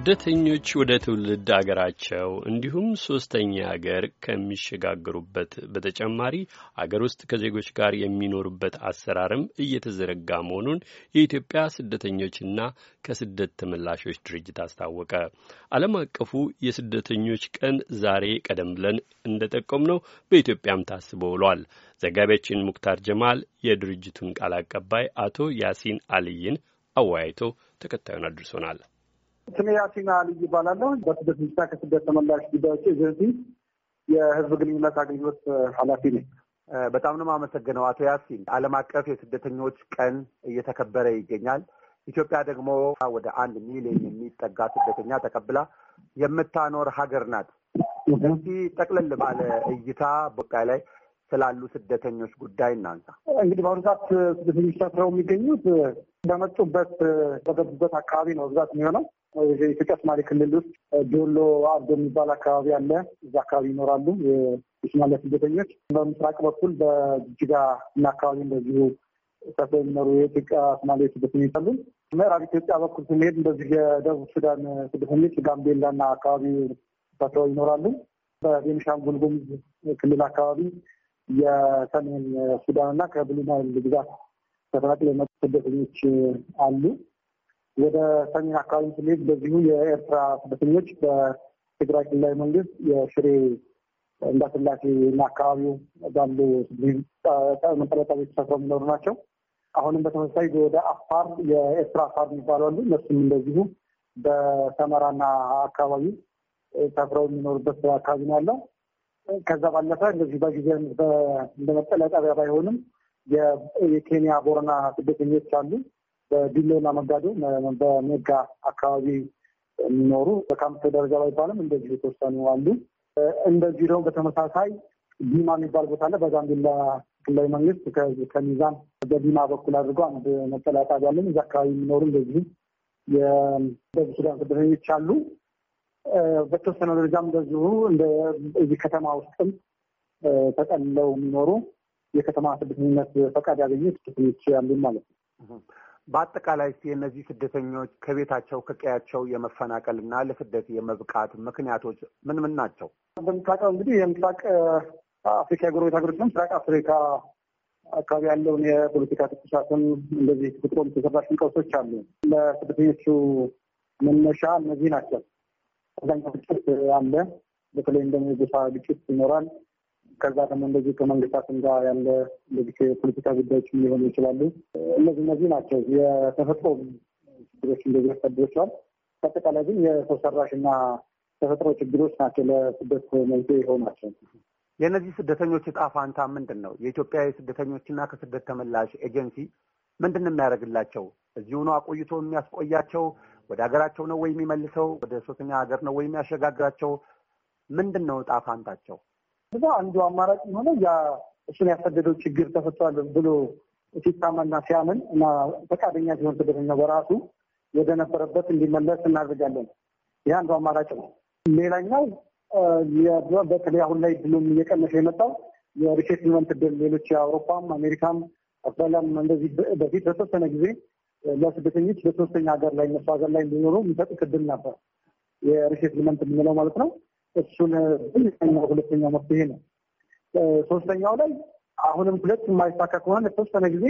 ስደተኞች ወደ ትውልድ አገራቸው እንዲሁም ሶስተኛ አገር ከሚሸጋገሩበት በተጨማሪ አገር ውስጥ ከዜጎች ጋር የሚኖሩበት አሰራርም እየተዘረጋ መሆኑን የኢትዮጵያ ስደተኞችና ከስደት ተመላሾች ድርጅት አስታወቀ። ዓለም አቀፉ የስደተኞች ቀን ዛሬ ቀደም ብለን እንደጠቆም ነው በኢትዮጵያም ታስቦ ውሏል። ዘጋቢያችን ሙክታር ጀማል የድርጅቱን ቃል አቀባይ አቶ ያሲን አልይን አወያይቶ ተከታዩን አድርሶናል። ስሜ ያሲና አሊ ይባላለሁ። በስደት ሚሳ ከስደት ተመላሽ ጉዳዮች ኤጀንሲ የህዝብ ግንኙነት አገልግሎት ኃላፊ ነኝ። በጣም ነው የማመሰግነው አቶ ያሲን። ዓለም አቀፍ የስደተኞች ቀን እየተከበረ ይገኛል። ኢትዮጵያ ደግሞ ወደ አንድ ሚሊዮን የሚጠጋ ስደተኛ ተቀብላ የምታኖር ሀገር ናት። እስኪ ጠቅለል ባለ እይታ በቃ ላይ ስላሉ ስደተኞች ጉዳይ እናንሳ። እንግዲህ በአሁኑ ሰዓት ስደተኞች ታስረው የሚገኙት በመጡበት በገቡበት አካባቢ ነው ብዛት የሚሆነው። የኢትዮጵያ ሶማሌ ክልል ውስጥ ዶሎ አርዶ የሚባል አካባቢ አለ። እዛ አካባቢ ይኖራሉ የሶማሊያ ስደተኞች። በምስራቅ በኩል በጅጅጋ እና አካባቢ እንደዚሁ ሰፍረው የሚኖሩ የኢትዮጵያ ሶማሌ ስደተኞች አሉ። ምዕራብ ኢትዮጵያ በኩል ስንሄድ እንደዚህ የደቡብ ሱዳን ስደተኞች ጋምቤላና አካባቢ ሰፍረው ይኖራሉ። በቤኒሻንጉል ጉሙዝ ክልል አካባቢ የሰሜን ሱዳንና ከብሉ ናይል ግዛት ተፈናቅለው የመጡ ስደተኞች አሉ። ወደ ሰሜን አካባቢ ስንሄድ በዚሁ የኤርትራ ስደተኞች በትግራይ ክልላዊ መንግስት የሽሬ እንዳስላሴ እና አካባቢው ባሉ መጠለያ ጣቢያዎች ሰፍረው የሚኖሩ ናቸው። አሁንም በተመሳሳይ ወደ አፋር የኤርትራ አፋር የሚባሉ አሉ። እነሱም እንደዚሁ በሰመራና አካባቢ ሰፍረው የሚኖሩበት አካባቢ ነው ያለው። ከዛ ባለፈ እንደዚህ በጊዜ በመጠለያ ጣቢያ ባይሆንም የኬንያ ቦረና ስደተኞች አሉ። በዲሌና መጋዶ በሜጋ አካባቢ የሚኖሩ በካምፕ ደረጃ ባይባልም እንደዚህ የተወሰኑ አሉ። እንደዚህ ደግሞ በተመሳሳይ ዲማ የሚባል ቦታ አለ። በጋምቤላ ክልላዊ መንግስት ከሚዛን በዲማ በኩል አድርጎ አንድ መጠለያ ጣቢያ አለን። እዚ አካባቢ የሚኖሩ እንደዚህ የደቡብ ሱዳን ስደተኞች አሉ። በተወሰነ ደረጃም እንደዚሁ እዚህ ከተማ ውስጥም ተጠልለው የሚኖሩ የከተማ ስደተኝነት ፈቃድ ያገኙ ስደተኞች ያሉ ማለት ነው። በአጠቃላይ ስ እነዚህ ስደተኞች ከቤታቸው ከቀያቸው የመፈናቀልና ለስደት የመብቃት ምክንያቶች ምን ምን ናቸው? እንደምታውቀው እንግዲህ የምስራቅ አፍሪካ የጎረቤት ሀገሮች ነው። ምስራቅ አፍሪካ አካባቢ ያለውን የፖለቲካ ትኩሳትን እንደዚህ ተፈጥሮ የተሰራሽን ቀውሶች አሉ። ለስደተኞቹ መነሻ እነዚህ ናቸው። አብዛኛው ግጭት አለ። በተለይ እንደ የጎሳ ግጭት ይኖራል። ከዛ ደግሞ እንደዚህ ከመንግስታትም ጋር ያለ እንደዚህ የፖለቲካ ጉዳዮች ሊሆኑ ይችላሉ። እነዚህ እነዚህ ናቸው የተፈጥሮ ችግሮች እንደዚህ ያስከብሮችዋል። በአጠቃላይ ግን የሰው ሰራሽና ተፈጥሮ ችግሮች ናቸው ለስደት መንስኤ የሆኑ ናቸው። የእነዚህ ስደተኞች እጣ ፋንታ ምንድን ነው? የኢትዮጵያ ስደተኞችና ከስደት ተመላሽ ኤጀንሲ ምንድን ነው የሚያደርግላቸው? እዚሁ ነው አቆይቶ የሚያስቆያቸው? ወደ ሀገራቸው ነው ወይ የሚመልሰው? ወደ ሶስተኛ ሀገር ነው ወይ የሚያሸጋግራቸው? ምንድን ነው እጣ ፋንታቸው? አንዱ አማራጭ የሆነ እሱን ያሰደደው ችግር ተፈቷል ብሎ ሲታማና ሲያምን እና ፈቃደኛ ሲሆን ስደተኛ በራሱ ወደ ነበረበት እንዲመለስ እናደርጋለን። ይህ አንዱ አማራጭ ነው። ሌላኛው በተለይ አሁን ላይ ድሉም እየቀነሰ የመጣው የሪሴትልመንት ድል ሌሎች የአውሮፓም አሜሪካም አውስትራሊያም እንደዚህ በፊት በተወሰነ ጊዜ ለስደተኞች በሶስተኛ ሀገር ላይ እነሱ ሀገር ላይ እንዲኖሩ የሚሰጥ ክድል ነበር፣ የሪሴትልመንት የምንለው ማለት ነው። እሱን ብኛው ሁለተኛው መፍትሄ ነው። ሶስተኛው ላይ አሁንም ሁለት የማይሳካ ከሆነ ለተወሰነ ጊዜ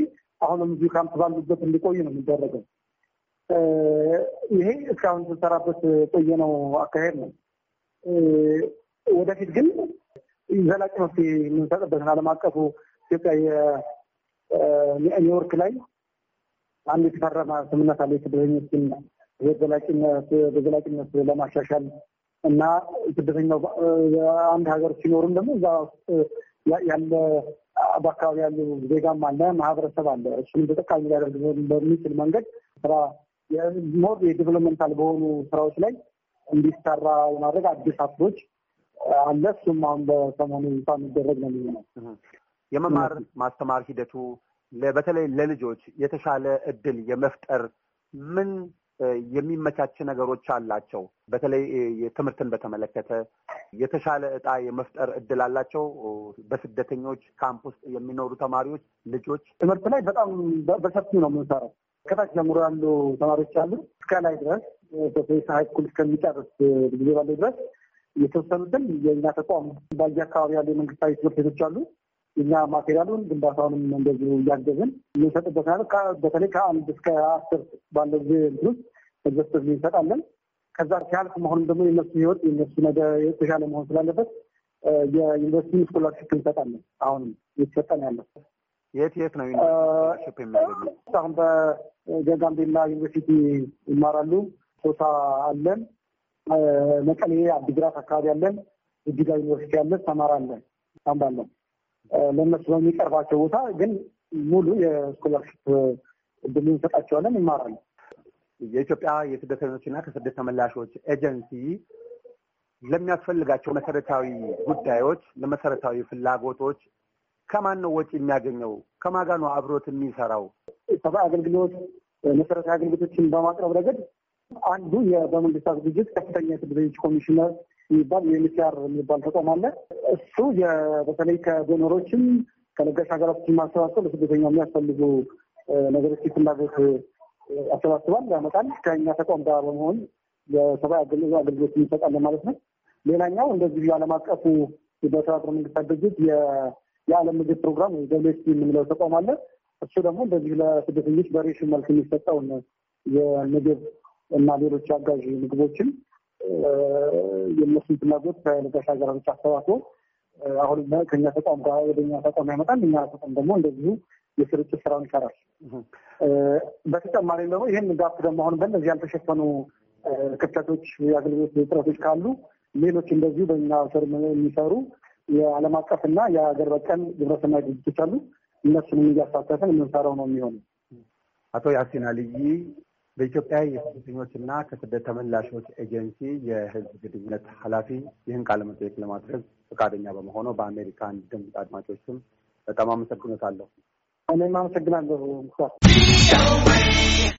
አሁንም እዚሁ ካምፕ ባሉበት እንዲቆዩ ነው የሚደረገው። ይሄ እስካሁን ስንሰራበት ቆየነው አካሄድ ነው። ወደፊት ግን ዘላቂ መፍትሄ የምንሰጥበትን ዓለም አቀፉ ኢትዮጵያ የኒውዮርክ ላይ አንድ የተፈረመ ስምምነት አለ። የስደተኞችን በዘላቂነት ለማሻሻል እና ስደተኛው አንድ ሀገር ሲኖርም ደግሞ እዛ ውስጥ ያለ በአካባቢ ያሉ ዜጋም አለ ማህበረሰብ አለ እሱም ተጠቃሚ ሊያደርግ በሚችል መንገድ ስራ ሞር የዴቨሎፕመንታል በሆኑ ስራዎች ላይ እንዲሰራ ለማድረግ አዲስ አፍሮች አለ። እሱም አሁን በሰሞኑ ይፋ የሚደረግ ነው የሚሆነው። የመማር ማስተማር ሂደቱ በተለይ ለልጆች የተሻለ እድል የመፍጠር ምን የሚመቻች ነገሮች አላቸው? በተለይ ትምህርትን በተመለከተ የተሻለ እጣ የመፍጠር እድል አላቸው? በስደተኞች ካምፕ ውስጥ የሚኖሩ ተማሪዎች ልጆች ትምህርት ላይ በጣም በሰፊ ነው የምንሰራው። ከታች ጀምሮ ያሉ ተማሪዎች አሉ እስከ ላይ ድረስ ሀይ ስኩል እስከሚጨርስ ጊዜ ባለው ድረስ የተወሰኑትን የእኛ ተቋም በየ አካባቢ ያሉ የመንግስታዊ ትምህርት ቤቶች አሉ እኛ ማቴሪያሉን ግንባታውንም እንደዚሁ እያገዝን የምንሰጥበታል። በተለይ ከአንድ እስከ አስር ባለው ጊዜ እንትን ውስጥ ኢንቨስተር እንሰጣለን። ከዛ ሲያልፍ መሆኑም ደግሞ የነሱ ህይወት የነሱ ነገ የተሻለ መሆን ስላለበት የዩኒቨርሲቲ ስኮላርሽፕ እንሰጣለን። አሁንም እየተሰጠን ያለው የት የት ነው ዩኒቨርሲቲ የሚያገኙት? አሁን በጋምቤላ ዩኒቨርሲቲ ይማራሉ። ቦታ አለን፣ መቀሌ አዲግራት አካባቢ አለን፣ እጅጋ ዩኒቨርሲቲ አለን፣ ተማራ አለን፣ አምባለን ለእነሱ በሚቀርባቸው ቦታ ግን ሙሉ የስኮላርሽፕ እድል እንሰጣቸዋለን፣ ይማራሉ። የኢትዮጵያ የስደተኞችና ከስደት ተመላሾች ኤጀንሲ ለሚያስፈልጋቸው መሰረታዊ ጉዳዮች፣ ለመሰረታዊ ፍላጎቶች ከማን ነው ወጪ የሚያገኘው? ከማጋ አብሮት የሚሰራው? ሰብአዊ አገልግሎት፣ መሰረታዊ አገልግሎቶችን በማቅረብ ረገድ አንዱ በመንግስታት ድርጅት ከፍተኛ የስደተኞች ኮሚሽነር የሚባል የሚሲር የሚባል ተቋም አለ። እሱ በተለይ ከዶኖሮችም ከለጋሽ ሀገራቶችን ማሰባሰብ ለስደተኛ የሚያስፈልጉ ነገሮች ፍላጎት አሰባስባል፣ ያመጣል። ከኛ ተቋም ጋር በመሆን የሰብአዊ አገልግሎት እንሰጣለን ማለት ነው። ሌላኛው እንደዚህ የዓለም አቀፉ በተባበሩት መንግስታት ድርጅት የዓለም ምግብ ፕሮግራም ወይ የምንለው ተቋም አለ። እሱ ደግሞ እንደዚህ ለስደተኞች በሬሽን መልክ የሚሰጠውን የምግብ እና ሌሎች አጋዥ ምግቦችን የእነሱን ፍላጎት ከለጋሽ ሀገራቶች አስተባቶ አሁን ከኛ ተቋም ጋር ወደኛ ተቋም ያመጣል። እኛ ተቋም ደግሞ እንደዚሁ የስርጭት ስራውን ይሰራል። በተጨማሪም ደግሞ ይህን ጋፕ ደግሞ አሁን በእነዚህ ያልተሸፈኑ ክፍተቶች፣ የአገልግሎት እጥረቶች ካሉ ሌሎች እንደዚሁ በኛ ስር የሚሰሩ የዓለም እና የሀገር በቀል ግብረሰናይ ድርጅቶች አሉ። እነሱንም እያሳተፈን የምንሰራው ነው የሚሆኑ አቶ ያሲን አልይ በኢትዮጵያ የስደተኞችና ከስደት ተመላሾች ኤጀንሲ የህዝብ ግንኙነት ኃላፊ ይህን ቃለ መጠየቅ ለማድረግ ፈቃደኛ በመሆኑ በአሜሪካን ድምፅ አድማጮች ስም በጣም አመሰግኖታለሁ። እኔም አመሰግናለሁ።